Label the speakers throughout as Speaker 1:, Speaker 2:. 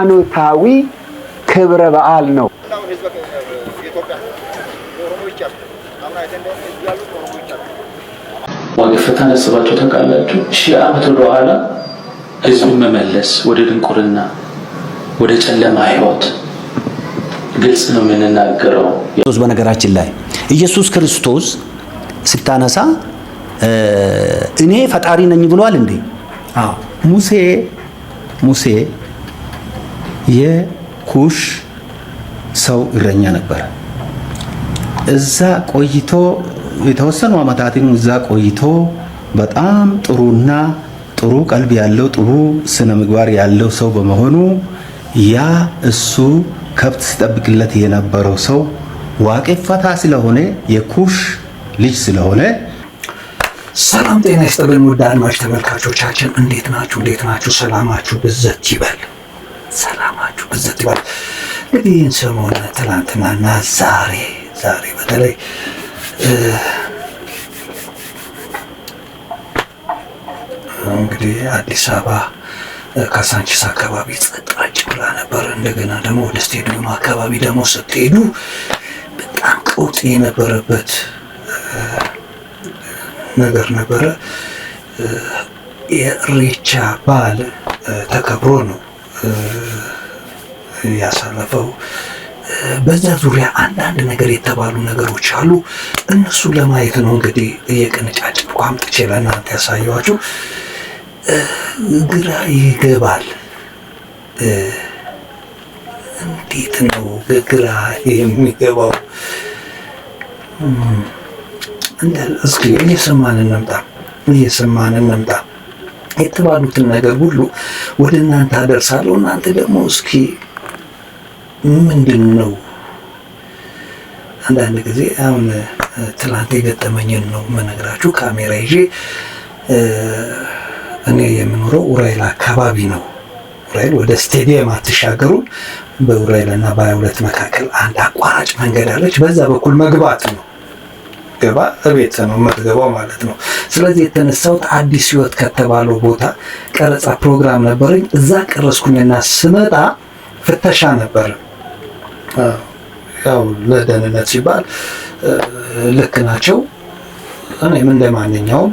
Speaker 1: ሃይማኖታዊ ክብረ በዓል ነው።
Speaker 2: ዋገፈታ ነስባቸው ታውቃላችሁ። ሺህ ዓመት ወደኋላ ህዝቡን መመለስ ወደ ድንቁርና፣ ወደ ጨለማ ህይወት ግልጽ ነው የምንናገረው።
Speaker 3: በነገራችን ላይ ኢየሱስ ክርስቶስ ስታነሳ እኔ ፈጣሪ ነኝ ብሏል እንዴ? አዎ ሙሴ ሙሴ የኩሽ ሰው እረኛ ነበረ። እዛ ቆይቶ የተወሰኑ ዓመታትን እዛ ቆይቶ በጣም ጥሩና ጥሩ ቀልብ ያለው ጥሩ ስነ ምግባር ያለው ሰው በመሆኑ ያ እሱ ከብት ሲጠብቅለት የነበረው ሰው ዋቄ ስለሆነ የኩሽ ልጅ ስለሆነ ሰላም ጤና ይስጥልን። ውድ አድማጭ ተመልካቾቻችን እንዴት ናችሁ? እንዴት ናችሁ? ሰላማችሁ ብዘት ይበል። ሰላም በዛት ይባል እንግዲህ ይህን ሰሞን ትናንትናና ዛሬ ዛሬ በተለይ እንግዲህ አዲስ አበባ ካሳንቺስ አካባቢ ጸጥራጭ ብላ ነበር። እንደገና ደግሞ ወደ ስቴዲየሙ አካባቢ ደግሞ ስትሄዱ በጣም ቀውጥ የነበረበት ነገር ነበረ። የኢሬቻ በዓል ተከብሮ ነው ያሳለፈው። በዛ ዙሪያ አንዳንድ ነገር የተባሉ ነገሮች አሉ። እነሱ ለማየት ነው እንግዲህ እየቅንጫጭብኩ አምጥቼ ለእናንተ ያሳየኋችሁ። ግራ ይገባል። እንዴት ነው ግራ የሚገባው? እስኪ እየሰማን እንምጣ፣ እየሰማን እንምጣ። የተባሉትን ነገር ሁሉ ወደ እናንተ አደርሳለሁ። እናንተ ደግሞ እስኪ ምንድን ነው? አንዳንድ ጊዜ አሁን ትላንት የገጠመኝን ነው መነግራችሁ። ካሜራ ይዤ እኔ የምኖረው ኡራኤል አካባቢ ነው። ኡራኤል ወደ ስቴዲየም አትሻገሩም። በኡራኤል እና በሀያ ሁለት መካከል አንድ አቋራጭ መንገድ አለች። በዛ በኩል መግባት ነው። ገባ እቤት ነው የምትገባው ማለት ነው። ስለዚህ የተነሳሁት አዲስ ህይወት ከተባለው ቦታ ቀረጻ ፕሮግራም ነበረኝ። እዛ ቀረስኩኝና ስመጣ ፍተሻ ነበርም ያው ለደህንነት ሲባል ልክ ናቸው። እኔም እንደ ማንኛውም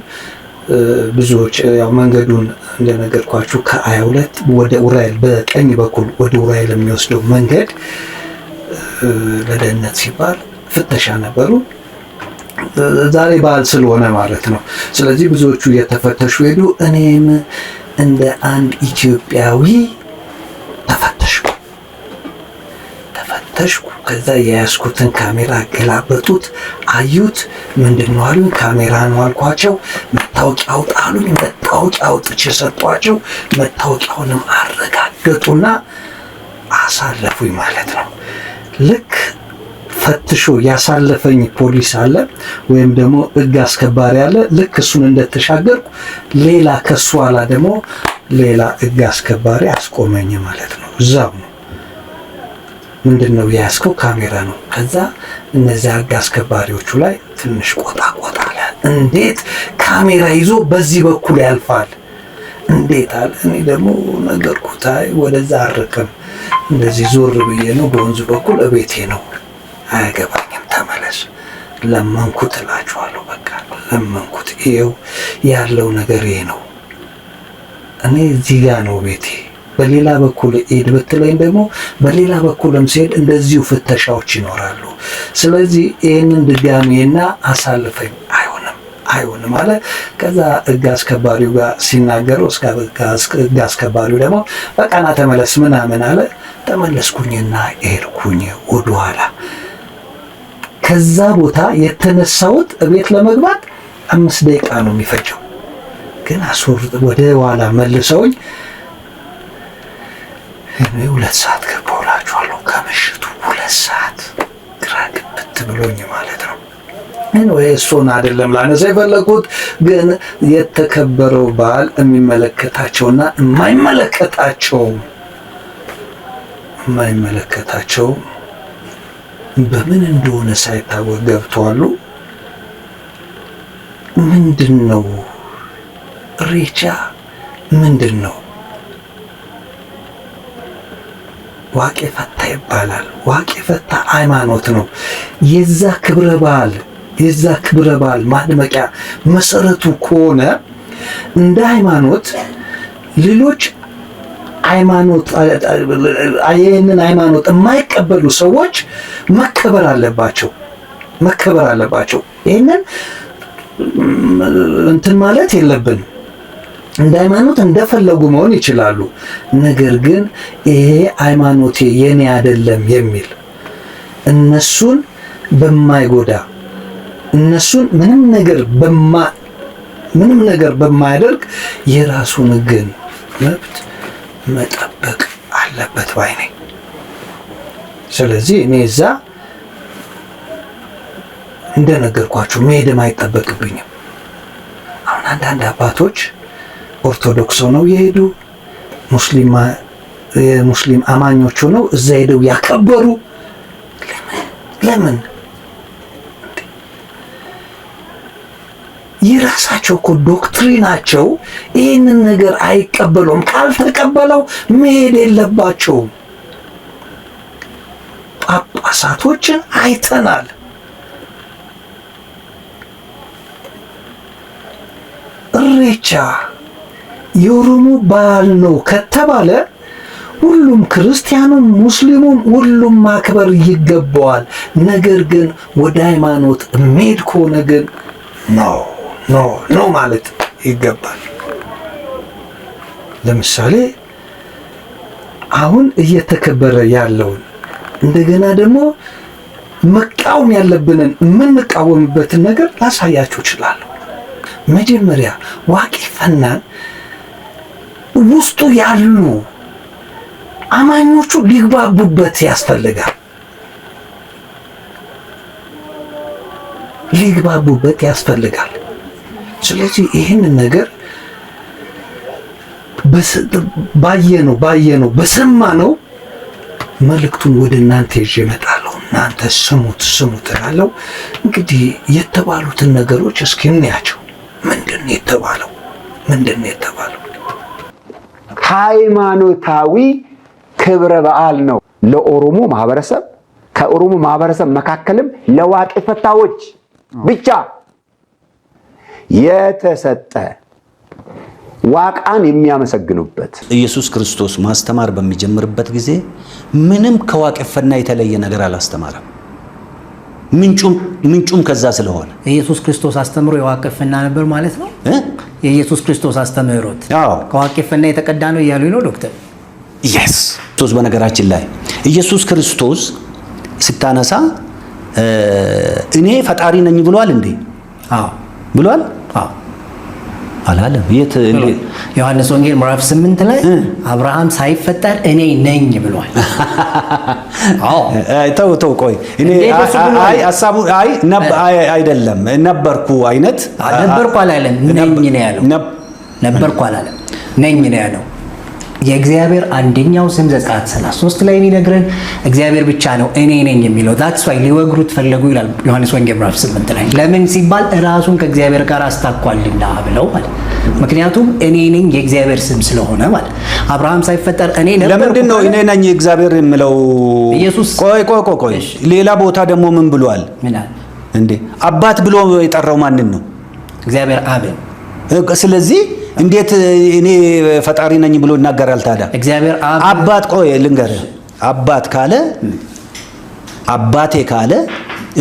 Speaker 3: ብዙዎች ያው መንገዱን እንደነገርኳችሁ ከአያ ሁለት ወደ ኡራኤል በቀኝ በኩል ወደ ኡራኤል የሚወስደው መንገድ ለደህንነት ሲባል ፍተሻ ነበሩ። ዛሬ በዓል ስለሆነ ማለት ነው። ስለዚህ ብዙዎቹ እየተፈተሹ ሄዱ። እኔም እንደ አንድ ኢትዮጵያዊ ተፈተሹ። ፈተሽኩ። ከዛ የያዝኩትን ካሜራ ገላበጡት፣ አዩት። ምንድን ነው አሉኝ። ካሜራ ነው አልኳቸው። መታወቂያ አውጣ አሉኝ። መታወቂያ አውጥቼ ሰጧቸው። መታወቂያውንም አረጋገጡና አሳለፉኝ ማለት ነው። ልክ ፈትሾ ያሳለፈኝ ፖሊስ አለ ወይም ደግሞ ሕግ አስከባሪ አለ። ልክ እሱን እንደተሻገርኩ ሌላ ከሱ ኋላ ደግሞ ሌላ ሕግ አስከባሪ አስቆመኝ ማለት ነው እዛው ምንድን ነው የያዝከው? ካሜራ ነው። ከዛ እነዚህ ህግ አስከባሪዎቹ ላይ ትንሽ ቆጣ ቆጣ አለ። እንዴት ካሜራ ይዞ በዚህ በኩል ያልፋል? እንዴት አለ። እኔ ደግሞ ነገርኩት፣ አይ ወደዛ አርቅም፣ እንደዚህ ዞር ብዬ ነው፣ በወንዙ በኩል እቤቴ ነው፣ አያገባኝም፣ ተመለስ። ለመንኩት፣ እላችኋለሁ፣ በቃ ለመንኩት። ይኸው ያለው ነገር ይሄ ነው። እኔ እዚህ ጋ ነው ቤቴ በሌላ በኩል ሂድ ብትለኝ ደግሞ በሌላ በኩልም ሲሄድ እንደዚሁ ፍተሻዎች ይኖራሉ። ስለዚህ ይህንን ድጋሜና አሳልፈኝ አይሆንም አይሆንም አለ። ከዛ ሕግ አስከባሪው ጋር ሲናገሩ ሕግ አስከባሪው ደግሞ በቃና ተመለስ ምናምን አለ። ተመለስኩኝና ሄድኩኝ ወደኋላ ከዛ ቦታ የተነሳሁት እቤት ለመግባት አምስት ደቂቃ ነው የሚፈጀው፣ ግን አስወር ወደ ኋላ መልሰውኝ ሁለት ሰዓት ገባውላችኋለሁ። ከምሽቱ ሁለት ሰዓት ግራ ግብት ብሎኝ ማለት ነው። ወይ እሱን አይደለም ላነሳ የፈለኩት ግን የተከበረው በዓል የሚመለከታቸውና የማይመለከታቸው የማይመለከታቸው በምን እንደሆነ ሳይታወቅ ገብተዋሉ። ምንድን ነው ምንድን ነው ዋቄ ፈታ ይባላል። ዋቄ ፈታ ሃይማኖት ነው። የዛ ክብረ በዓል የዛ ክብረ በዓል ማድመቂያ መሰረቱ ከሆነ እንደ ሃይማኖት ሌሎች ሃይማኖት ይህንን ሃይማኖት የማይቀበሉ ሰዎች መከበር አለባቸው መከበር አለባቸው። ይህንን እንትን ማለት የለብንም። እንደ ሃይማኖት እንደፈለጉ መሆን ይችላሉ። ነገር ግን ይሄ ሃይማኖቴ የኔ አይደለም የሚል እነሱን በማይጎዳ እነሱን ምንም ነገር በማ ምንም ነገር በማያደርግ የራሱን ግን መብት መጠበቅ አለበት ባይ ነኝ። ስለዚህ እኔ እዛ እንደነገርኳችሁ መሄድም አይጠበቅብኝም። አሁን አንዳንድ አባቶች ኦርቶዶክስ ሆነው የሄዱ ሙስሊም አማኞች ሆነው እዛ ሄደው ያከበሩ ለምን? የራሳቸው እኮ ዶክትሪናቸው ይህንን ነገር አይቀበለውም። ካልተቀበለው መሄድ የለባቸውም። ጳጳሳቶችን አይተናል። እሬቻ የኦሮሞ በዓል ነው ከተባለ ሁሉም ክርስቲያኑም፣ ሙስሊሙም ሁሉም ማክበር ይገባዋል። ነገር ግን ወደ ሃይማኖት መሄድ ከሆነ ግን ነው ነው ማለት ይገባል። ለምሳሌ አሁን እየተከበረ ያለውን እንደገና ደግሞ መቃወም ያለብንን የምንቃወምበትን ነገር ላሳያችሁ እችላለሁ። መጀመሪያ ዋቂ ፈናን ውስጡ ያሉ አማኞቹ ሊግባቡበት ያስፈልጋል። ሊግባቡበት ያስፈልጋል። ስለዚህ ይህንን ነገር ባየነው ባየነው በሰማነው መልእክቱን ወደ እናንተ ይዤ እመጣለሁ። እናንተ ስሙት ስሙት እላለሁ። እንግዲህ የተባሉትን ነገሮች እስኪ እንያቸው። ምንድን ነው የተባለው? ምንድን ነው የተባለው?
Speaker 1: ሃይማኖታዊ ክብረ በዓል ነው ለኦሮሞ ማህበረሰብ። ከኦሮሞ ማህበረሰብ መካከልም ለዋቂ ፈታዎች ብቻ የተሰጠ ዋቃን የሚያመሰግኑበት
Speaker 3: ኢየሱስ ክርስቶስ ማስተማር በሚጀምርበት ጊዜ ምንም ከዋቄፈና የተለየ ነገር አላስተማረም። ምንጩም ከዛ ስለሆነ
Speaker 4: የኢየሱስ ክርስቶስ አስተምሮ የዋቅፍና ነበር ማለት ነው። የኢየሱስ ክርስቶስ አስተምህሮት ከዋቅፍና የተቀዳ ነው እያሉ ነው ዶክተር ስ
Speaker 3: ክርስቶስ። በነገራችን ላይ ኢየሱስ ክርስቶስ ስታነሳ እኔ ፈጣሪ ነኝ ብሏል እንዴ? ብሏል
Speaker 4: አላለም። የት ዮሐንስ ወንጌል ምዕራፍ ስምንት ላይ አብርሃም ሳይፈጠር እኔ ነኝ ብሏል።
Speaker 3: ተው ተው፣ ቆይ አይ አይደለም ነበርኩ አይነት
Speaker 4: ነበርኩ አላለም። ነኝ ነው ያለው። ነበርኩ አላለም። ነኝ ነው ያለው የእግዚአብሔር አንደኛው ስም ዘጸአት 33 ላይ የሚነግረን እግዚአብሔር ብቻ ነው እኔ ነኝ የሚለው ዛትስ ዋይ ሊወግሩት ፈለጉ ይላል ዮሐንስ ወንጌል ምዕራፍ 8 ላይ ለምን ሲባል ራሱን ከእግዚአብሔር ጋር አስታኳልና ብለው ማለት ምክንያቱም እኔ ነኝ የእግዚአብሔር ስም ስለሆነ ማለት አብርሃም ሳይፈጠር እኔ
Speaker 3: ነበር ለምንድን ነው እኔ ነኝ የእግዚአብሔር የምለው ኢየሱስ ቆይ ቆይ ቆይ ቆይ፣ ሌላ ቦታ ደግሞ ምን ብሏል ምን አለ እንዴ አባት ብሎ የጠራው ማንን ነው እግዚአብሔር አብ። ስለዚህ እንዴት እኔ ፈጣሪ ነኝ ብሎ ይናገራል ታዲያ? እግዚአብሔር አባት ቆይ ልንገር፣ አባት ካለ አባቴ ካለ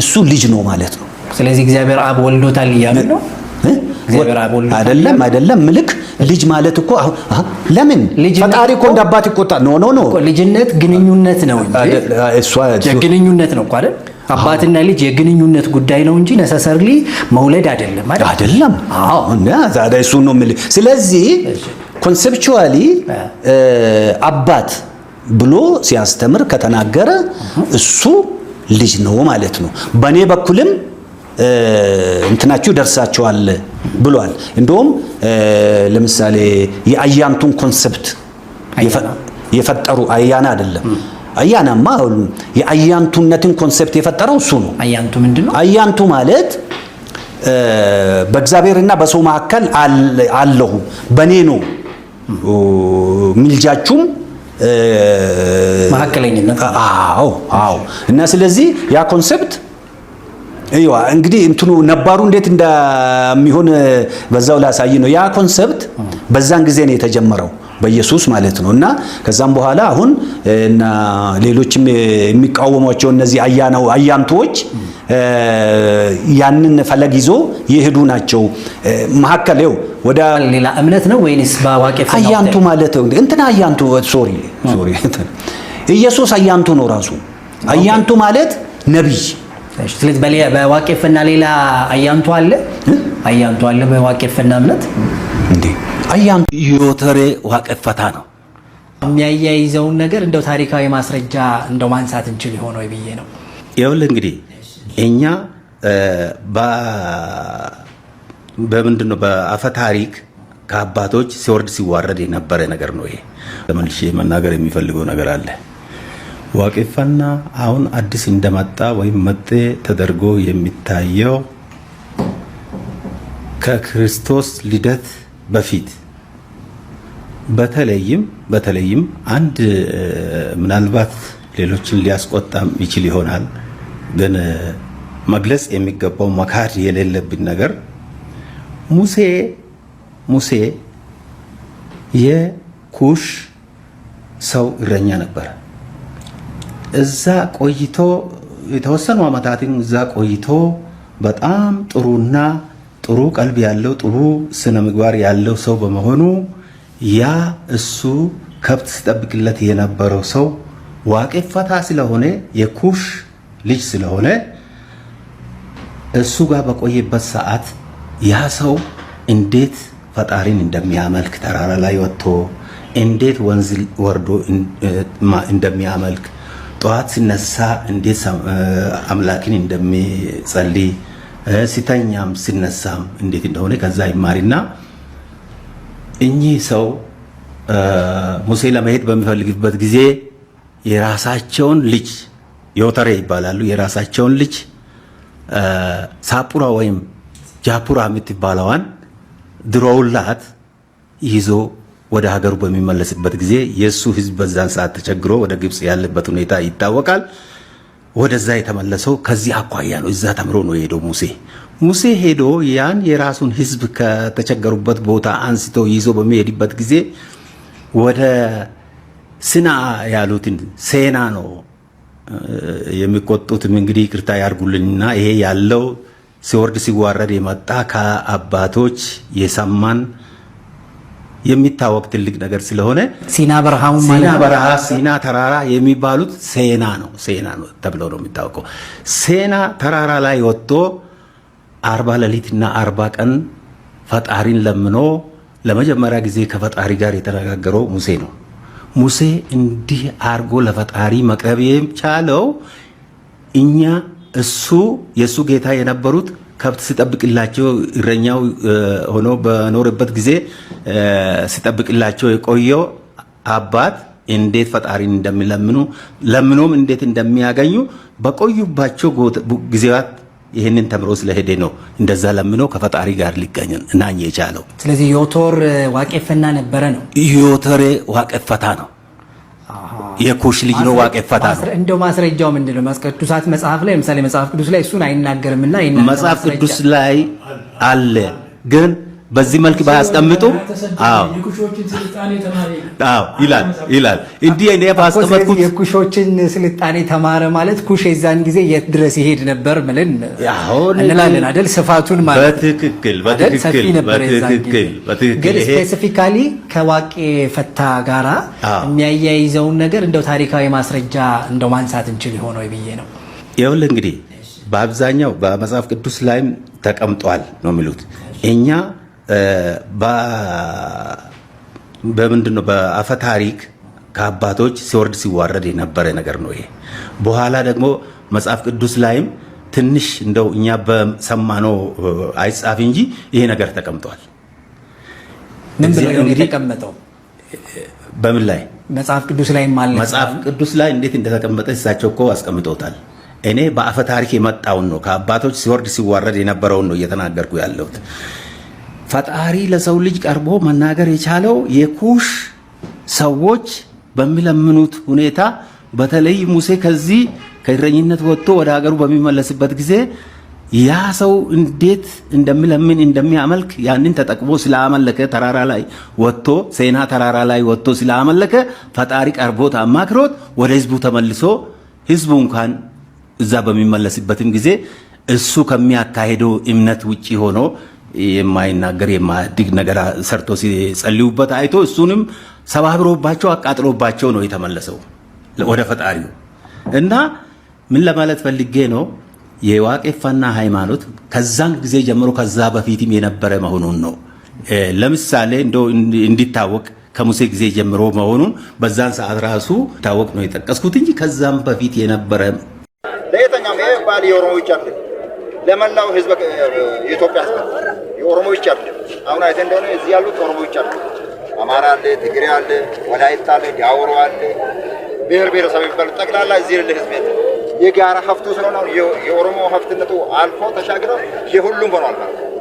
Speaker 3: እሱ ልጅ ነው ማለት ነው።
Speaker 4: ስለዚህ እግዚአብሔር አብ ወልዶታል እያሉ ነው
Speaker 3: አይደለም? አይደለም ምልክ ልጅ ማለት እኮ ለምን ፈጣሪ እኮ እንደ አባት ይቆጣል። ኖ ኖ ኖ
Speaker 4: ልጅነት ግንኙነት ነው እንጂ ግንኙነት ነው እኮ አይደል አባትና ልጅ የግንኙነት ጉዳይ ነው እንጂ ነሰሰርሊ መውለድ አይደለም
Speaker 3: አይደለም። አዎ እና ታዲያ እሱ ነው የምልህ። ስለዚህ ኮንሴፕቹዋሊ አባት ብሎ ሲያስተምር ከተናገረ እሱ ልጅ ነው ማለት ነው። በእኔ በኩልም እንትናችሁ ደርሳችኋል ብሏል። እንደውም ለምሳሌ የአያንቱን ኮንሰፕት የፈጠሩ አያና አይደለም አያናማ የአያንቱነትን ኮንሴፕት የፈጠረው እሱ ነው።
Speaker 4: አያንቱ ምንድን ነው?
Speaker 3: አያንቱ ማለት በእግዚአብሔርና በሰው መካከል አለሁ በኔ ነው ምልጃችሁም
Speaker 4: መካከለኝነት።
Speaker 3: አዎ አዎ። እና ስለዚህ ያ ኮንሴፕት ይዋ እንግዲህ እንትኑ ነባሩ እንዴት እንደሚሆን በዛው ላሳይ ነው። ያ ኮንሰፕት በዛን ጊዜ ነው የተጀመረው። በኢየሱስ ማለት ነው። እና ከዛም በኋላ አሁን እና ሌሎችም የሚቃወሟቸው እነዚህ አያናው አያንቶች ያንን ፈለግ ይዞ የሄዱ ናቸው። መሀከል ወደ
Speaker 4: ሌላ እምነት ነው ወይስ በአዋቂ
Speaker 3: አያንቱ ማለት ነው? እንትና አያንቱ ሶሪ ሶሪ ኢየሱስ አያንቱ ነው ራሱ አያንቱ ማለት ነቢይ።
Speaker 4: ስለዚህ በሌላ በዋቄፍና ሌላ አያንቱ አለ አያንቱ አለ በዋቄፍና እምነት
Speaker 3: እንዴ አያን ዮተሬ ዋቀፈታ ነው
Speaker 4: የሚያያይዘውን ነገር እንደው ታሪካዊ ማስረጃ እንደው ማንሳት እንችል የሆነ ወይ ብዬ ነው።
Speaker 3: ይኸውልህ እንግዲህ እኛ በምንድን ነው በአፈ ታሪክ ከአባቶች ሲወርድ ሲዋረድ የነበረ ነገር ነው። ይሄ ለመልሼ መናገር የሚፈልገው ነገር አለ። ዋቄፋና አሁን አዲስ እንደመጣ ወይም መጤ ተደርጎ የሚታየው ከክርስቶስ ልደት በፊት በተለይም በተለይም አንድ ምናልባት ሌሎችን ሊያስቆጣም ይችል ይሆናል ግን መግለጽ የሚገባው መካድ የሌለብን ነገር ሙሴ ሙሴ የኩሽ ሰው እረኛ ነበር። እዛ ቆይቶ የተወሰኑ ዓመታትን እዛ ቆይቶ በጣም ጥሩና ጥሩ ቀልብ ያለው ጥሩ ስነ ምግባር ያለው ሰው በመሆኑ ያ እሱ ከብት ሲጠብቅለት የነበረው ሰው ዋቄ ፈታ ስለሆነ የኩሽ ልጅ ስለሆነ እሱ ጋር በቆየበት ሰዓት ያ ሰው እንዴት ፈጣሪን እንደሚያመልክ ተራራ ላይ ወጥቶ እንዴት ወንዝ ወርዶ እንደሚያመልክ ጠዋት ሲነሳ እንዴት አምላክን እንደሚጸልይ ሲተኛም ሲነሳም እንዴት እንደሆነ ከዛ ይማሪና እኚህ ሰው ሙሴ ለመሄድ በሚፈልግበት ጊዜ የራሳቸውን ልጅ ዮተሬ ይባላሉ። የራሳቸውን ልጅ ሳፑራ ወይም ጃፑራ የምትባለዋን ድሮውላት ይዞ ወደ ሀገሩ በሚመለስበት ጊዜ የእሱ ሕዝብ በዛን ሰዓት ተቸግሮ ወደ ግብፅ ያለበት ሁኔታ ይታወቃል። ወደዛ የተመለሰው ከዚህ አኳያ ነው። እዛ ተምሮ ነው የሄደው ሙሴ። ሙሴ ሄዶ ያን የራሱን ህዝብ ከተቸገሩበት ቦታ አንስቶ ይዞ በሚሄድበት ጊዜ ወደ ስና ያሉትን ሴና ነው የሚቆጡትም እንግዲህ ቅርታ ያርጉልኝና ይሄ ያለው ሲወርድ ሲዋረድ የመጣ ከአባቶች የሰማን የሚታወቅ ትልቅ ነገር ስለሆነ
Speaker 4: ሲና በረሃው
Speaker 3: ሲና በረሃ ሲና ተራራ የሚባሉት ሴና ነው ሴና ነው ተብሎ ነው የሚታወቀው። ሴና ተራራ ላይ ወጥቶ አርባ ሌሊትና አርባ ቀን ፈጣሪን ለምኖ ለመጀመሪያ ጊዜ ከፈጣሪ ጋር የተነጋገረው ሙሴ ነው። ሙሴ እንዲህ አርጎ ለፈጣሪ መቅረብ የቻለው እኛ እሱ የእሱ ጌታ የነበሩት ከብት ሲጠብቅላቸው እረኛው ሆኖ በኖርበት ጊዜ ሲጠብቅላቸው የቆየው አባት እንዴት ፈጣሪን እንደሚለምኑ ለምኖም እንዴት እንደሚያገኙ በቆዩባቸው ጊዜያት ይህንን ተምሮ ስለሄደ ነው እንደዛ ለምኖ ከፈጣሪ ጋር ሊገኝ ናኝ የቻለው።
Speaker 4: ስለዚህ ዮቶር ዋቄፈና ነበረ ነው።
Speaker 3: ዮቶሬ ዋቄፈታ ነው። የኩሽ ልጅ ነው ዋቅ ነው።
Speaker 4: እንደው ማስረጃው ምንድነው? ቅዱሳት መጽሐፍ ላይ ለምሳሌ መጽሐፍ ቅዱስ ላይ እሱን አይናገርምና
Speaker 3: መጽሐፍ ቅዱስ ላይ አለ ግን በዚህ መልክ ባያስቀምጡ አዎ ይላል ይላል። እንዲህ እኔ ባስቀመጥኩት
Speaker 4: የኩሾችን ስልጣኔ ተማረ ማለት ኩሽ የዛን ጊዜ የት ድረስ ይሄድ ነበር ምልን እንላለን አይደል? ስፋቱን
Speaker 3: ማለት በትክክል በትክክል በትክክል በትክክል
Speaker 4: ግን ስፔሲፊካሊ ከዋቄ ፈታ ጋራ የሚያያይዘውን ነገር እንደው ታሪካዊ ማስረጃ እንደው ማንሳት እንችል ይሆን ወይ ብዬ ነው።
Speaker 3: ይኸውልህ እንግዲህ በአብዛኛው በመጽሐፍ ቅዱስ ላይም ተቀምጧል ነው የሚሉት እኛ በምንድን ነው በአፈ ታሪክ ከአባቶች ሲወርድ ሲዋረድ የነበረ ነገር ነው ይሄ። በኋላ ደግሞ መጽሐፍ ቅዱስ ላይም ትንሽ እንደው እኛ በሰማነው አይጻፍ እንጂ ይሄ ነገር ተቀምጧል። በምን ላይ
Speaker 4: መጽሐፍ ቅዱስ ላይ ማለት
Speaker 3: መጽሐፍ ቅዱስ ላይ እንዴት እንደተቀመጠ እሳቸው እኮ አስቀምጠውታል። እኔ በአፈ ታሪክ የመጣውን ነው ከአባቶች ሲወርድ ሲዋረድ የነበረውን ነው እየተናገርኩ ያለሁት። ፈጣሪ ለሰው ልጅ ቀርቦ መናገር የቻለው የኩሽ ሰዎች በሚለምኑት ሁኔታ በተለይ ሙሴ ከዚህ ከእረኝነት ወጥቶ ወደ ሀገሩ በሚመለስበት ጊዜ ያ ሰው እንዴት እንደሚለምን እንደሚያመልክ ያንን ተጠቅሞ ስላመለከ ተራራ ላይ ወጥቶ ሴና ተራራ ላይ ወጥቶ ስላመለከ ፈጣሪ ቀርቦት አማክሮት ወደ ህዝቡ ተመልሶ ህዝቡ እንኳን እዛ በሚመለስበትም ጊዜ እሱ ከሚያካሄደው እምነት ውጪ ሆኖ የማይናገር የማያድግ ነገር ሰርቶ ሲጸልዩበት አይቶ እሱንም ሰባብሮባቸው አቃጥሎባቸው ነው የተመለሰው ወደ ፈጣሪው። እና ምን ለማለት ፈልጌ ነው የዋቄፋና ሃይማኖት ከዛን ጊዜ ጀምሮ ከዛ በፊትም የነበረ መሆኑን ነው። ለምሳሌ እንደ እንዲታወቅ ከሙሴ ጊዜ ጀምሮ መሆኑን በዛን ሰዓት ራሱ ታወቅ ነው የጠቀስኩት እንጂ ከዛም በፊት የነበረ
Speaker 5: ለየተኛውም ይህ ባህል የኦሮሞ ብቻ ለመላው ህዝብ የኢትዮጵያ ህዝብ ኦሮሞ ብቻ አይደለም። አሁን አይተህ እንደሆነ እዚህ ያሉት ኦሮሞ ብቻ አይደለም። አማራ አለ፣ ትግሬ አለ፣ ወላይታ አለ፣ ዳውሮ አለ፣ ብሔር ብሔረሰብ የሚባሉ ጠቅላላ እዚህ ያለ ህዝብ የለም። የጋራ ሀብቱ ስለሆነ የኦሮሞ ሀብትነቱ አልፎ ተሻግረው የሁሉም ሆኗል ማለት ነው።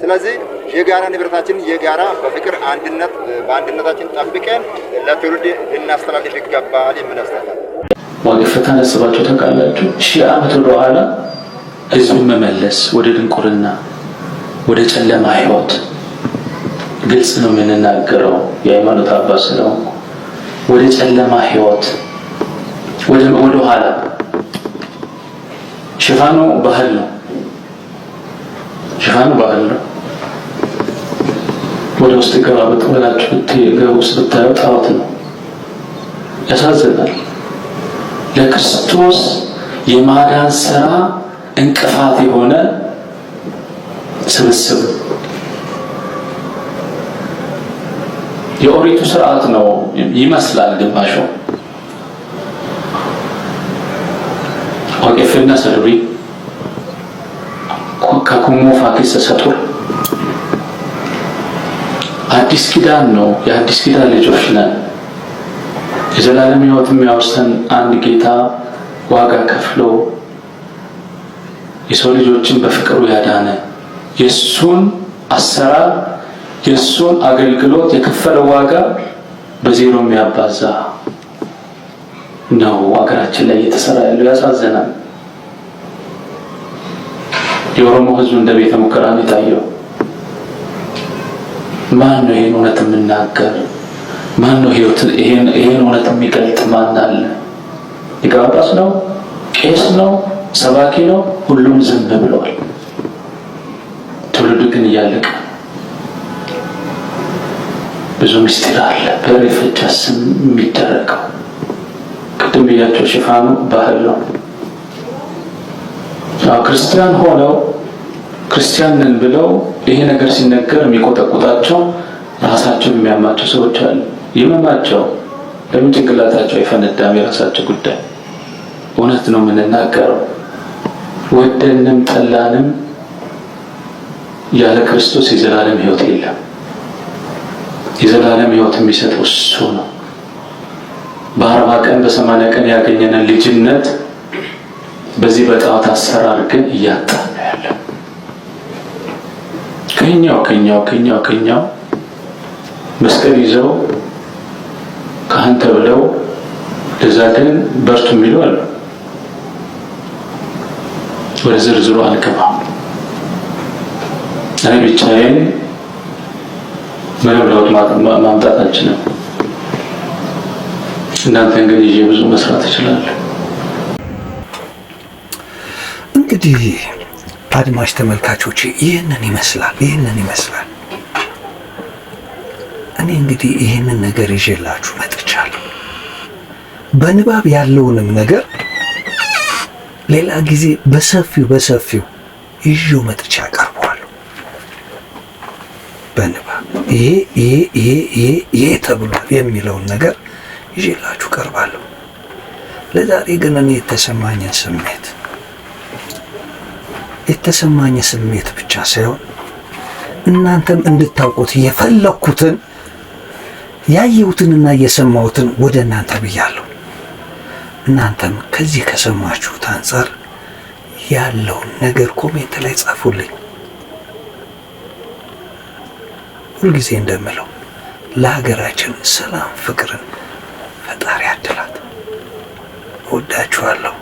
Speaker 5: ስለዚህ የጋራ ንብረታችን የጋራ በፍቅር አንድነት በአንድነታችን ጠብቀን ለትውልድ ልናስተላልፍ ይገባል። የምናስተላል
Speaker 2: ዋቅፍ ታነስባቸው ታውቃላችሁ። ሺህ ዓመት ወደኋላ ህዝብን መመለስ ወደ ድንቁርና ወደ ጨለማ ህይወት ግልጽ ነው የምንናገረው። የሃይማኖት አባስ ነው። ወደ ጨለማ ህይወት ወደ ኋላ ሽፋኑ ባህል ነው። ሽፋኑ ባህል ነው። ወደ ውስጥ ገባ ብትበላችሁ ገብ ውስጥ ጣዖት ነው። ያሳዝናል። ለክርስቶስ የማዳን ስራ እንቅፋት የሆነ ስብስብ የኦሪቱ ስርዓት ነው ይመስላል ግባሾ ዋቄፌና ሰዱሪ ከኩሞ ፋኪስ ሰጡር አዲስ ኪዳን ነው። የአዲስ ኪዳን ልጆች ነን። የዘላለም ህይወት የሚያወርሰን አንድ ጌታ ዋጋ ከፍሎ የሰው ልጆችን በፍቅሩ ያዳነ የእሱን አሰራር የእሱን አገልግሎት የከፈለ ዋጋ በዜሮ የሚያባዛ ነው ሀገራችን ላይ እየተሰራ ያለው። ያሳዘናል። የኦሮሞ ህዝብ እንደ ቤተ ሙከራ ነው የታየው። ማን ነው ይህን እውነት የምናገር? ማን ነው ይህን እውነት የሚገልጥ? ማን አለ? ሊቀ ጳጳስ ነው? ቄስ ነው? ሰባኪ ነው? ሁሉም ዝም ብለዋል። ትውልዱ ግን እያለቀ ብዙ ምስጢር አለ። በሬፈጃ ስም የሚደረገው ቅድም ብያቸው ሽፋኑ ባህል ነው። ክርስቲያን ሆነው ክርስቲያን ነን ብለው ይሄ ነገር ሲነገር የሚቆጠቁጣቸው ራሳቸውን የሚያማቸው ሰዎች አሉ። ይመማቸው ለምን ጭንቅላታቸው አይፈነዳም? የራሳቸው ጉዳይ። እውነት ነው የምንናገረው ወደንም ጠላንም ያለ ክርስቶስ የዘላለም ህይወት የለም። የዘላለም ህይወት የሚሰጠው እሱ ነው። በአርባ ቀን በሰማንያ ቀን ያገኘንን ልጅነት በዚህ በጣዖት አሰራር ግን እያጣ ነው ያለው። ከኛው ከኛው ከኛው ከኛው መስቀል ይዘው ካህን ተብለው ለዛ ግን በርቱ የሚሉ አሉ። ወደ ዝርዝሩ አልገባም። እኔ ብቻዬን ምንም ለውጥ ማምጣት አልችልም። እናንተን ግን ይዤ ብዙ መስራት እችላለሁ።
Speaker 3: እንግዲህ አድማጭ ተመልካቾች ይህንን ይመስላል ይህንን ይመስላል። እኔ እንግዲህ ይህንን ነገር ይዤላችሁ መጥቻለሁ። በንባብ ያለውንም ነገር ሌላ ጊዜ በሰፊው በሰፊው ይዤው መጥቻ ቀር በንባብ ይሄ ይሄ ይሄ ይሄ ይሄ ተብሏል የሚለውን ነገር ይዤላችሁ ቀርባለሁ። ለዛሬ ግን እኔ የተሰማኝን ስሜት የተሰማኝ ስሜት ብቻ ሳይሆን እናንተም እንድታውቁት የፈለኩትን ያየሁትንና የሰማሁትን ወደ እናንተ ብያለሁ። እናንተም ከዚህ ከሰማችሁት አንጻር ያለውን ነገር ኮሜንት ላይ ጻፉልኝ። ሁልጊዜ እንደምለው ለሀገራችን ሰላም፣ ፍቅርን ፈጣሪ አድላት። ወዳችኋለሁ።